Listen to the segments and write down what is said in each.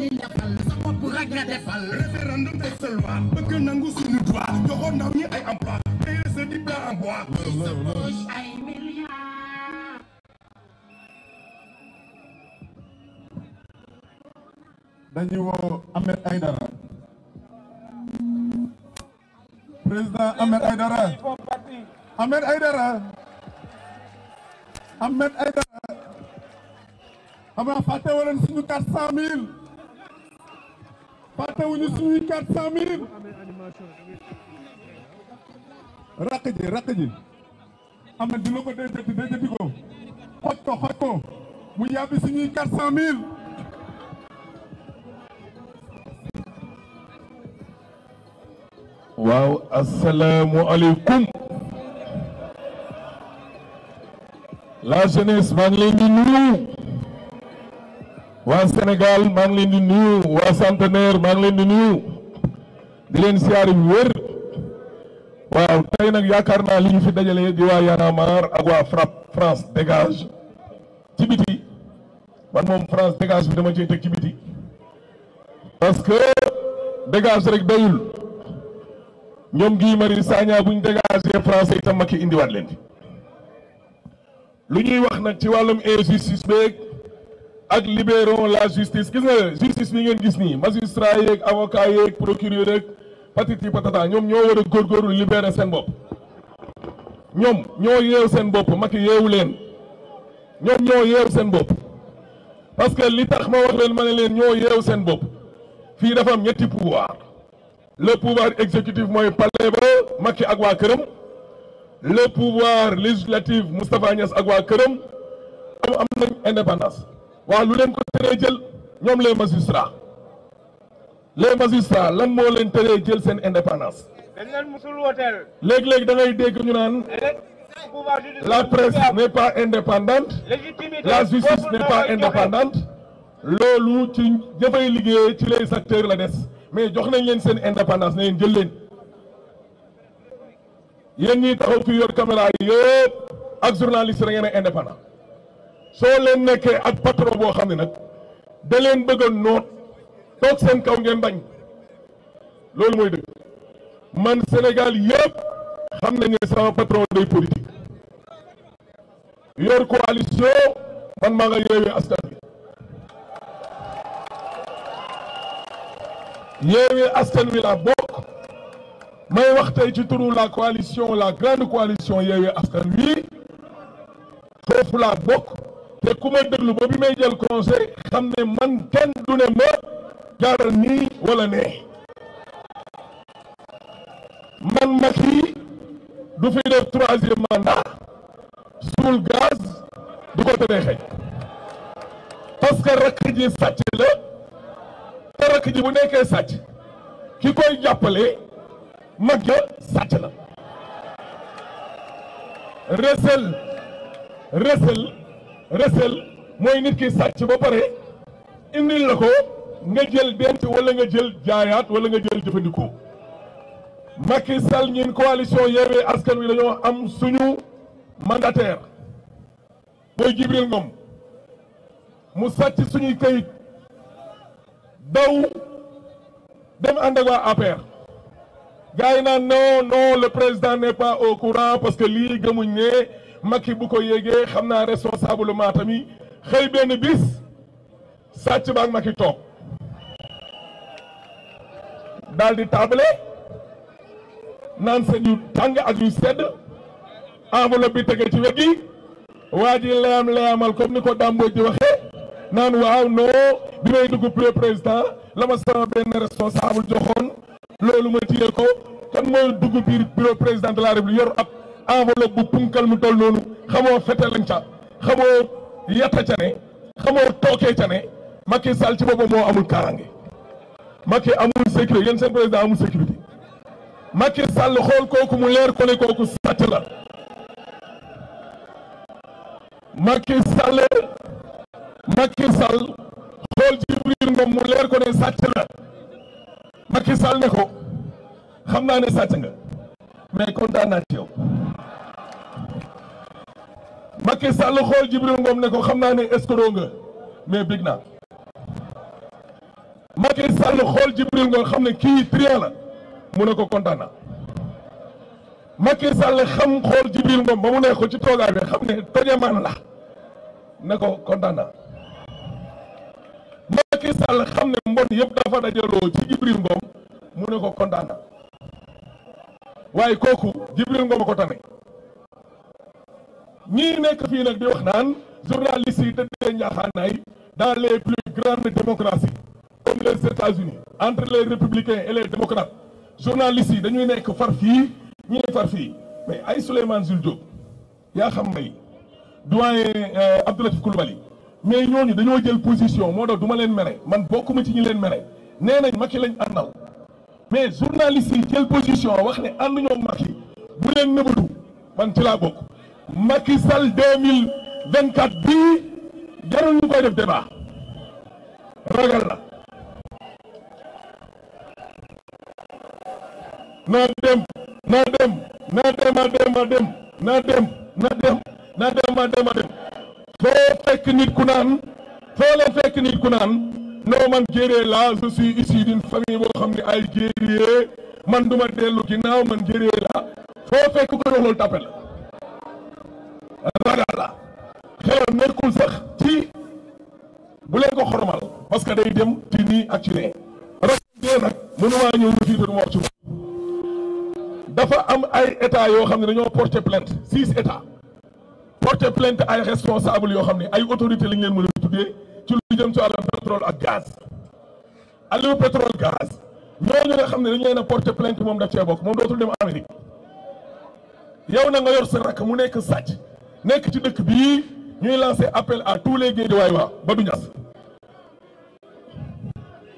li defal sa bopp rek nga defal référendum teg sa loi bëgg nangu suñu droit joxoon ndaw ñi ay emploi payer ce diplôme en bois ci sa poche ay milliards dañu woo Ahmed Aïdara président Ahmed Aïdara Ahmed Aïdara Ahmed Aïdara xam nga fàtte woon suñu quatre cent mille fàttewuñu suñuy quatre cent mille rakk ji rakk ji am na dina ko déjati déjati ko xoj ko xoj ko mu yàbbi suñuy quatre cent mille waaw asalaamualeykum la jeunesse maa ngi leen di nuyu waa Sénégal maa ngi leen di nuyu waa centenaire maa ngi leen di nuyu di leen siyaari bu wér waaw tey nag yaakaar naa li ñu fi dajalee di waa Y'en ak waa FRAPP France dégage ci biti man moom France dégage bi dama cee teg ci biti parce que dégage rek dayul ñoom Guy Marius Sagna buñ dégagé français itam Macky indiwaat leen lu ñuy wax nag ci wàllum injustice beeg ak libérons la justice gis nga justice bi ngeen gis nii magistrat yeeg avocat yeeg procureur yeeg patiti patata ñoom ñoo war a góorgóorlu libérer seen bopp ñoom ñoo yeew seen bopp Macky yeewu leen ñoom ñoo yeew seen bopp parce que li tax ma wax leen ma ne leen ñoo yeew seen bopp fii dafa am ñetti pouvoir le pouvoir exécutif mooy palais ba Macky ak waa këram le pouvoir législatif Moustapha Niass ak waa këram am nañ indépendance waaw lu leen ko teree jël ñoom les magistrats les magistrats lan moo leen teree jël seen indépendance. dañ leen musul wooteel. dégg ñu naan. Eh, la presse n'est pas indépendante. la justice n'est pas indépendante. loolu ci jëfay liggéey ci les sacteur la des mais jox nañ leen seen indépendance ne leen jël leen. yéen ñiy taxaw fii yor caméra yëpp ak journaliste da ngeen indépendant. soo leen nekkee ak patron boo xam ne nag da leen bëgg a noot toog seen kaw ngeen bañ loolu mooy dëgg man Sénégal yëpp xam nañ sama patron day politique yor coalition man maa nga yeewee askan wi yeewee askan wi laa bokk may wax tey ci turu la coalition la grande coalition yeewee askan wi foofu laa bokk te ku ma ba bi may jël conseil xam ne man kenn du ne ma jaaral nii wala ne man Macky du fi def troisième mandat suul gaz du ko teree xëy parce que rakk ji sàcc la te rakk ji bu nekkee sàcc ki koy jàppale mag ja sàcc la resel resel resel mooy nit ki sàcc ba pare indil la ko nga jël denc wala nga jël jaayaat wala nga jël jëfandikoo Macky Sall ñun coalition Yewwi Askan Wi dañoo am suñu mandataire mooy Jibril Ngom mu sàcc suñuy kayit daw dem ànd ak waa APR gars le président n'est au courant parce que lii gëmuñ ne Macky bu ko yéegee xam naa responsable Matam yi xëy benn bis sàcc ba ak Macky toog daal di taabale naan seen yu tàng ak yu sedd enveloppe bi tege ci wet gi waa ji layam layamal ni ko Damboj di waxee naan waaw non bi may dugg pré président la ma sama benn responsable joxoon loolu ma téye ko kan mooy dugg biir président de la république yor ab enveloppe bu punkal mu toll noonu xamoo fetelañ ca xamoo yatta ca ne xamoo tookee ca ne Macky Sall ci boppam moo amul kaaraange Macky amul sécurité yéen seen président amul sécurité Macky Sall xool kooku mu leer ko ne kooku sàcc la Macky Sall Macky Sall xool Djibril mu leer ko ne sàcc la Macky Sall ne ko xam naa ne sàcc nga mais kontaan naa ci yow Macky Sall xool Djibril Ngom ne ko xam naa ne escroc nga mais big naa Macky Sall xool Djibril Ngom xam ne kii trian la mu ne ko kontaan maki Macky Sall xam xool Djibril Ngom ba mu ne ko ci toogaay bi xam ne tojamaan la ne ko kontaan na Macky Sall xam ne mbon yëpp dafa dajaloo ci Djibril Ngom mu ne ko kontaan waaye kooku Djibril Ngom a ko tane ñii nekk fii nag di wax naan journalistes yi tëddee njaaxaanaay dans les plus grandes démocraties comme entre les républicains et les démocrates journalistes yi dañuy nekk far fii ñii far fii mais ay Souleymane Jules yaa xam may doyen euh, Abdou Latif Coulibaly mais ñooñu dañoo jël position moo tax duma leen mere man bokkuma ci ñi leen mere nee nañ Macky lañ àndal mais journalistes yi jël position wax ne ànduñoo Macky bu leen nëbatu man ci laa bokk. Macky Sall deux mille vingt quatre bii jarul ñu koy def débat ragal la naa dem naa dem naa dem dem a dem naa dem naa dem naa dem foo fekk nit ku naan foo la fekk nit ku naan non man géré la je suis issu d'une famille boo xam ne ay guerrier man duma dellu ginnaaw man géré la foo fekk koy wax loolu tàppe la ragala xew nekkul sax ci bu leen ko xoromal parce que day dem ci nii ak ci nee ragal nag mënumaa ñëw ñu jiitu wax ci dafa am ay état yoo xam ne dañoo porter plainte six états porter plainte ay responsable yoo xam ne ay autorité lañ leen mu a tuddee ci lu jëm ci wàllum pétrole ak gaz aliou pétrole gaz ñooñu nga xam ne dañu leen a porter plainte moom daf cee moom dootul dem Amérique yow na nga yor sa rakk mu nekk sàcc nekk ci dëkk bii ñuy lancer appel à tout les Guédiawaye waa ba du ñas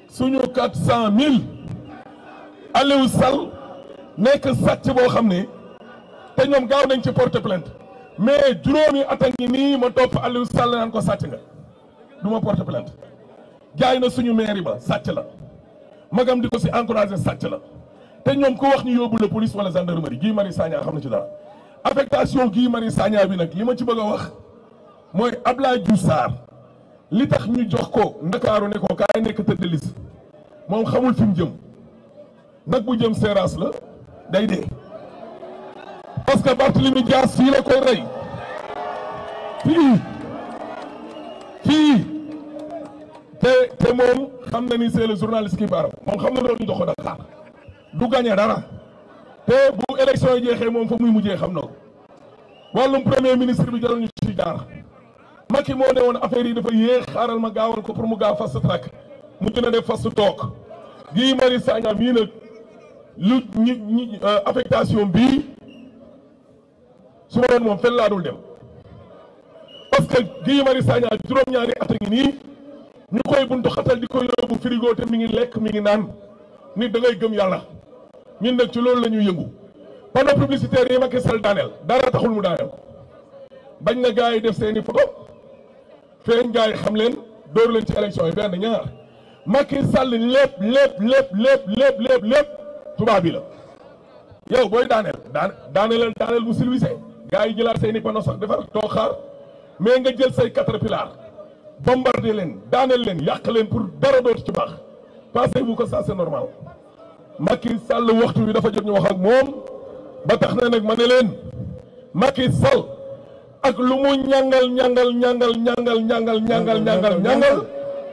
suñu quatre cent mille Aliou Sall nekk sàcc boo xam ne te ñoom gaaw nañ ci porte plainte mais juróomi at a ngi nii ma topp Aliou Sall naan ko sàcc nga du ma porte plainte jaay na suñu mairie ba sàcc la magam di ko si encouragé sàcc la te ñoom ku wax ñu yóbbu la police wala gendarmerie Guy Marius Sagna xam na ci dara affectation Guy Marius Sagna bi nag li ma ci bëgg a wax mooy Abdoulaye Diouf Sarr li tax ñu jox ko ndakaaru ne ko kaay nekk tëdd liste moom xamul fi mu jëm nag bu jëm seeraas la day dee parce que Barthélemy Dias fii la koy rey fii te te moom xam na ni c'est le journaliste qui moom xam na doon ñu jox ko Dakar du gagné dara te bu élection yi jeexee moom fa muy mujjee xam na ko wàllum premier ministre bi jaroon ñu ci jaar Macky moo ne woon affaire yi dafa yéex xaaral ma gaawal ko pour mu gaaw fast track mujj na def fast toog Guy Marius Sagna mii nag lu ñi ñi euh, affectation bii su ma doon moom fenn laa dul dem parce que Guy Marius juróom-ñaari at a ngi nii ñu koy buntu xatal di ko yóbbu frigo te mi ngi lekk mi ngi naan nit da ngay gëm yàlla ñun nag ci loolu lañuy yëgu yëngu panneau publicitaire yi Macky Sall daaneel dara taxul mu daaneel bañ na gars yi def seeni photo feeñ gars yi xam leen dóor leen ci élection yi benn ñaar Macky Sall lépp lépp lépp lépp lépp tubaab bi la yow booy daaneel daan daaneelal daaneel bu silvisé gars yi jëlaat seeni panneau sax defar toog xaar mais nga jël say quatre pilaar bombarder leen daaneel leen yàq leen pour dara dootu ci baax passez bu que ça c'est normal Macky sal waxtu wi dafa jot ñu wax ak moom ba tax na nag ma ne leen Macky Sall ak lu mu ñàngal ñàngal ñàngal ñàngal ñàngal ñàngal ñàngal ñàngal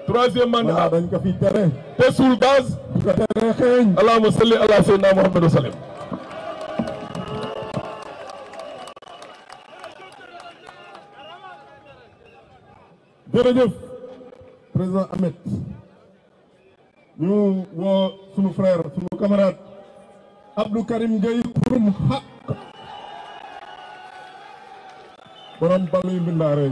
troisième mandat dañ ko te suul gaz du ko tere xeeñ allahumma salli ala sayyidina président Ahmed ñu woo sunu frère sunu camarade Abdou Karim Gueye kurum xaq borom baluy mbindaare